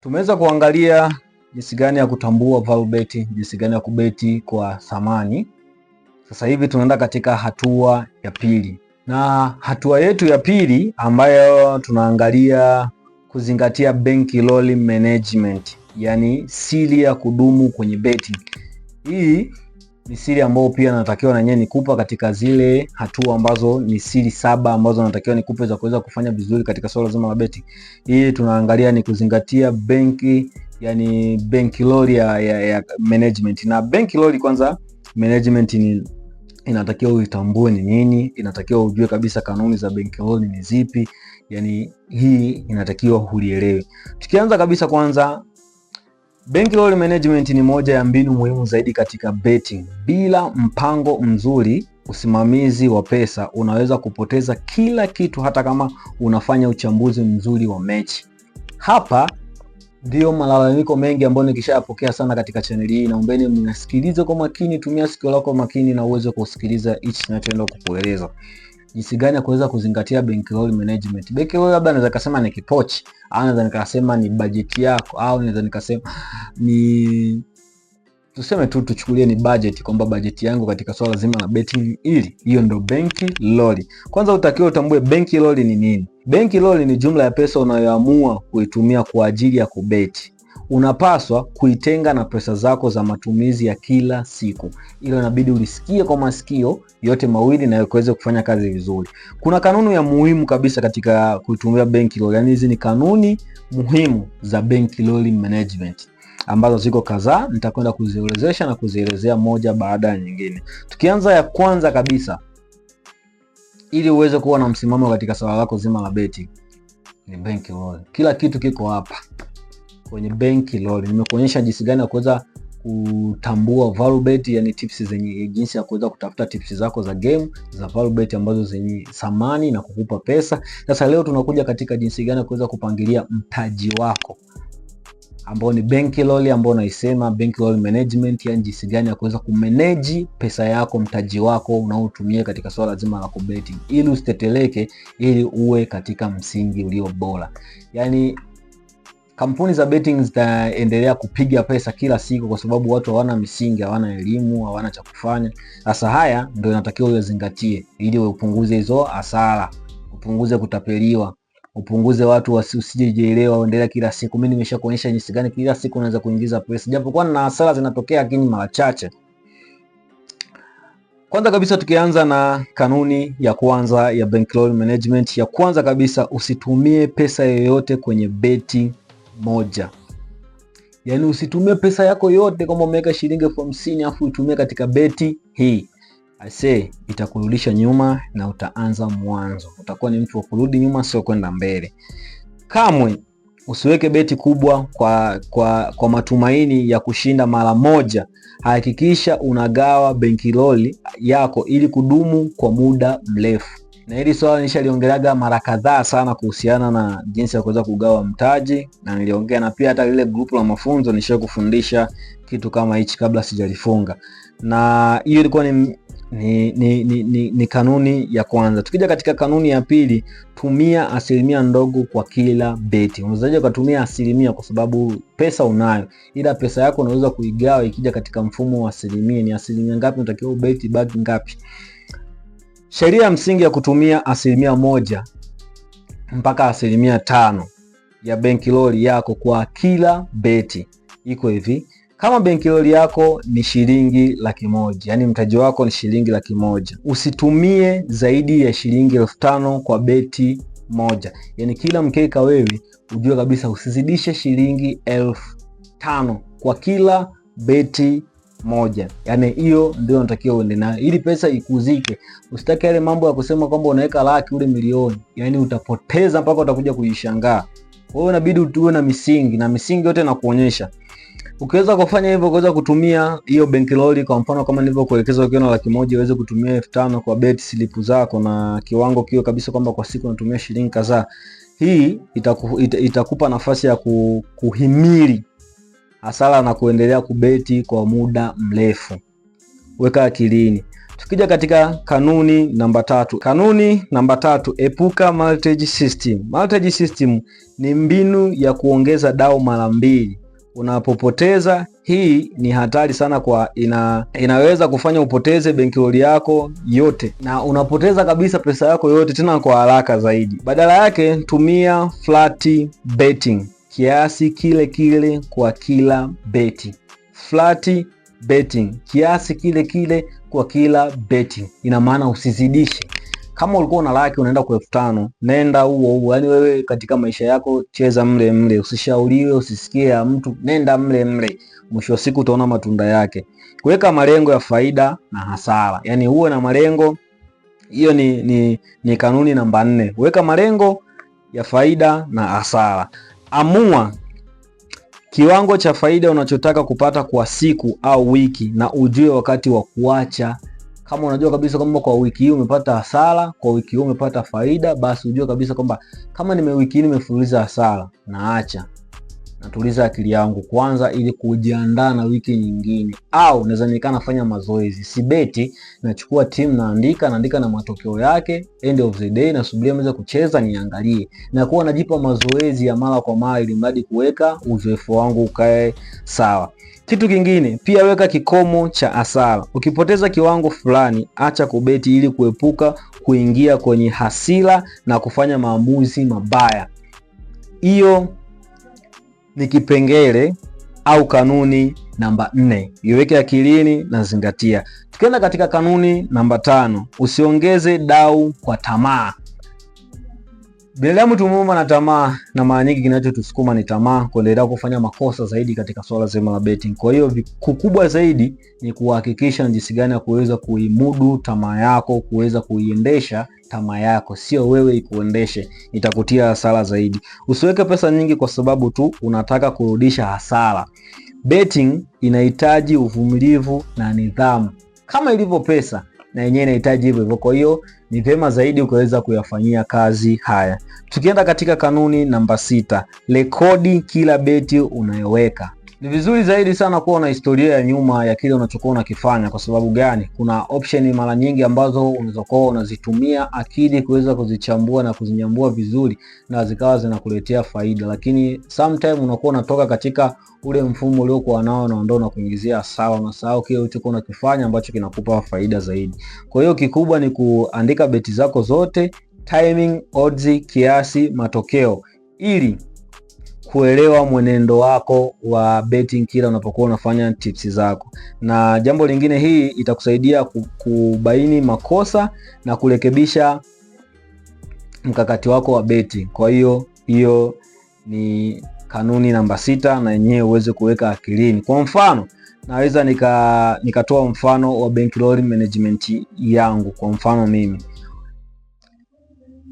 Tumeweza kuangalia jinsi gani ya kutambua value bet, jinsi gani ya kubeti kwa thamani. Sasa hivi tunaenda katika hatua ya pili, na hatua yetu ya pili ambayo tunaangalia kuzingatia bankroll management, yani siri ya kudumu kwenye beti hii ni siri ambayo pia natakiwa na nyewe nikupa katika zile hatua ambazo ni siri saba ambazo natakiwa nikupe za kuweza kufanya vizuri katika swala zima la beti. Hii tunaangalia ni kuzingatia benki, yani benki lori ya, ya, ya management. Na benki lori kwanza management ni inatakiwa uitambue ni nini, inatakiwa ujue kabisa kanuni za benki lori ni zipi, yani hii inatakiwa ulielewe. Tukianza kabisa kwanza Bank Roll Management ni moja ya mbinu muhimu zaidi katika betting. Bila mpango mzuri, usimamizi wa pesa, unaweza kupoteza kila kitu, hata kama unafanya uchambuzi mzuri wa mechi. Hapa ndiyo malalamiko mengi ambayo nikishayapokea sana katika chaneli hii. Naombeni mnasikilize kwa makini, tumia sikio lako makini na uweze kusikiliza hichi tunachoenda kukueleza jinsi gani ya kuweza kuzingatia bankroll management. Bankroll labda naweza kusema ni kipochi, au naweza nikasema ni bajeti yako, au naweza nikasema ni tuseme tu tuchukulie ni budget kwamba bajeti yangu katika swala zima la betting ili hiyo ndo bankroll. Kwanza utakiwa utambue bankroll ni nini. Bankroll ni jumla ya pesa unayoamua kuitumia kwa ajili ya kubeti unapaswa kuitenga na pesa zako za matumizi ya kila siku. ilo inabidi ulisikie kwa masikio yote mawili na kuweze kufanya kazi vizuri. Kuna kanuni ya muhimu kabisa katika kuitumia bankroll, yani hizi ni kanuni muhimu za bankroll management ambazo ziko kadhaa, nitakwenda kuzielezesha na kuzielezea moja baada ya nyingine. Tukianza ya kwanza kabisa, ili uweze kuwa na msimamo katika swala lako zima la beti, ni bankroll. Kila kitu kiko hapa kwenye benki lol. Nimekuonyesha jinsi gani ya kuweza kutambua Valbet, yani tips zenye jinsi ya kuweza kutafuta tips zako za game za Valbet ambazo zenye thamani na kukupa pesa. Sasa leo tunakuja katika jinsi gani ya kuweza kupangilia mtaji wako ambao ni bank lol, ambao naisema bank lol management, yani jinsi gani ya kuweza kumanage pesa yako, mtaji wako unaotumia katika swala zima la kubeti, ili usiteteleke, ili uwe katika msingi ulio bora yani Kampuni za betting zitaendelea kupiga pesa kila siku, kwa sababu watu hawana misingi, hawana elimu, hawana cha kufanya. Sasa haya ndio inatakiwa uyazingatie, ili upunguze hizo hasara, upunguze kutapeliwa, upunguze watu wasijijielewa waendelea kila siku. mi nimesha kuonyesha jinsi gani kila siku unaweza kuingiza pesa, japokuwa na hasara zinatokea, lakini mara chache. Kwanza kabisa tukianza na kanuni ya kwanza ya bankroll management, ya kwanza kabisa usitumie pesa yoyote kwenye beti moja. Yaani usitumie pesa yako yote kama umeweka shilingi elfu hamsini afu utumie katika beti hii. Ase itakurudisha nyuma na utaanza mwanzo. Utakuwa ni mtu wa kurudi nyuma, sio kwenda mbele. Kamwe usiweke beti kubwa kwa, kwa, kwa matumaini ya kushinda mara moja. Hakikisha unagawa bankiroli yako ili kudumu kwa muda mrefu na hili swala nishaliongeaga mara kadhaa sana kuhusiana na jinsi ya kuweza kugawa mtaji, na niliongea na pia hata lile grupu la mafunzo nishawahi kufundisha kitu kama hichi kabla sijalifunga, na hiyo ilikuwa ni ni, ni, ni, ni, ni kanuni ya kwanza. Tukija katika kanuni ya pili, tumia asilimia ndogo kwa kila beti. Unaweza ukatumia asilimia kwa sababu pesa unayo, ila pesa yako unaweza kuigawa ikija katika mfumo wa asilimia. Ni asilimia ngapi unatakiwa ubeti baki ngapi? Sheria ya msingi ya kutumia asilimia moja mpaka asilimia tano ya benki loli yako kwa kila beti iko hivi. Kama benki loli yako ni shilingi laki moja, yani mtaji wako ni shilingi laki moja, usitumie zaidi ya shilingi elfu tano kwa beti moja. Yani kila mkeka wewe ujue kabisa usizidishe shilingi elfu tano kwa kila beti moja. Yani hiyo ndio unatakiwa uende nayo ili pesa ikuzike. Usitake yale mambo ya kusema kwamba unaweka laki ule milioni, yani utapoteza mpaka utakuja kuishangaa. Kwa hiyo inabidi utuwe na misingi na misingi yote nakuonyesha. Ukiweza kufanya hivyo, ukiweza kutumia hiyo bankroll kwa mfano, kama nilivyokuelekeza, ukiwa na laki moja uweze kutumia elfu tano kwa bet slip zako, na kiwango kio kabisa kwamba kwa siku unatumia shilingi kadhaa. Hii itaku, itakupa nafasi ya kuhimili hasara na kuendelea kubeti kwa muda mrefu. Weka akilini. Tukija katika kanuni namba tatu, kanuni namba tatu, epuka multi system. multi system ni mbinu ya kuongeza dao mara mbili unapopoteza. Hii ni hatari sana kwa ina, inaweza kufanya upoteze bankroll yako yote na unapoteza kabisa pesa yako yote, tena kwa haraka zaidi. Badala yake tumia flat betting kiasi kile kile kwa kila beti. Flat betting, kiasi kile kile kwa kila beti, ina maana usizidishe. Kama ulikuwa una laki unaenda kwa elfu tano nenda huo huo, yaani wewe katika maisha yako cheza mle mle, usishauriwe, usisikie ya mtu, nenda mle mle, mwisho wa siku utaona matunda yake. Kuweka malengo ya faida na hasara, yaani uwe na malengo hiyo ni, ni, ni kanuni namba nne. Weka malengo ya faida na hasara. Amua kiwango cha faida unachotaka kupata kwa siku au wiki, na ujue wakati wa kuacha. Kama unajua kabisa kwamba kwa wiki hii umepata hasara, kwa wiki hii umepata faida, basi ujue kabisa kwamba kama nime wiki hii nimefululiza hasara, naacha natuliza akili yangu kwanza ili kujiandaa na wiki nyingine, au naweza nikaa nafanya mazoezi. Sibeti, nachukua timu naandika, naandika na matokeo yake, end of the day nasubiria mweza kucheza niangalie, na kuwa najipa mazoezi ya mara kwa mara, ili mradi kuweka uzoefu wangu ukae sawa. Kitu kingine pia, weka kikomo cha hasara. Ukipoteza kiwango fulani, acha kubeti ili kuepuka kuingia kwenye hasira na kufanya maamuzi mabaya. Hiyo ni kipengele au kanuni namba nne. Iweke akilini na zingatia. Tukienda katika kanuni namba tano, usiongeze dau kwa tamaa. Binadamu tumeuma na tamaa, na mara nyingi kinachotusukuma ni tamaa, kuendelea kufanya makosa zaidi katika swala zima la betting. Kwa hiyo kikubwa zaidi ni kuhakikisha ni jinsi gani ya kuweza kuimudu tamaa yako, kuweza kuiendesha tamaa yako, sio wewe ikuendeshe, itakutia hasara zaidi. Usiweke pesa nyingi kwa sababu tu unataka kurudisha hasara. Betting inahitaji uvumilivu na nidhamu kama ilivyo pesa na yenyewe inahitaji hivyo hivyo. Kwa hiyo ni vyema zaidi ukaweza kuyafanyia kazi haya. Tukienda katika kanuni namba sita, rekodi kila beti unayoweka. Ni vizuri zaidi sana kuwa na historia ya nyuma ya kile unachokuwa unakifanya. Kwa sababu gani? Kuna option mara nyingi ambazo unaweza kuwa unazitumia akili kuweza kuzichambua na kuzinyambua vizuri, na zikawa zinakuletea faida, lakini sometime unakuwa unatoka katika ule mfumo uliokuwa nao, na ndio nakuingizia hasara. Unasahau kile ulichokuwa unakifanya ambacho kinakupa faida zaidi. Kwa hiyo kikubwa ni kuandika beti zako zote, timing, odds, kiasi, matokeo ili kuelewa mwenendo wako wa betting kila unapokuwa unafanya tips zako, na jambo lingine, hii itakusaidia kubaini makosa na kurekebisha mkakati wako wa betting. Kwa hiyo hiyo ni kanuni namba sita, na yenyewe uweze kuweka akilini. Kwa mfano naweza nikatoa nika mfano wa bankroll management yangu. Kwa mfano mimi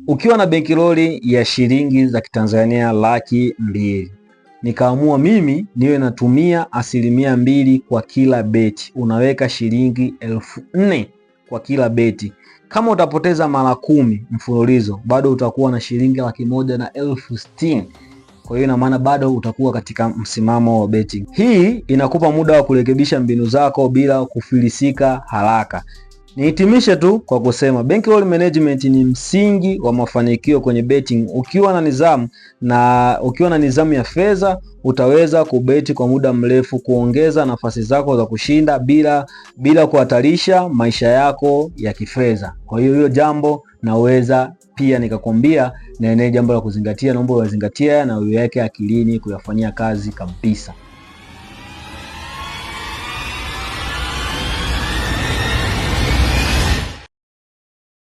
ukiwa na roli ya shilingi za Kitanzania laki mbili, nikaamua mimi niwe natumia asilimia mbili kwa kila beti. Unaweka shilingi elfu nne kwa kila beti. Kama utapoteza mara kumi mfululizo, bado utakuwa na shilingi laki moja na elfu sitini. Kwa hiyo ina maana bado utakuwa katika msimamo wa betting. Hii inakupa muda wa kurekebisha mbinu zako bila kufilisika haraka. Nihitimishe tu kwa kusema bankroll management ni msingi wa mafanikio kwenye betting. Ukiwa na nidhamu na ukiwa na nidhamu ya fedha utaweza kubeti kwa muda mrefu, kuongeza nafasi zako za kushinda bila bila kuhatarisha maisha yako ya kifedha. Kwa hiyo hiyo jambo naweza pia nikakwambia na eneo jambo la kuzingatia, naomba uyazingatia na uweke akilini kuyafanyia kazi kabisa.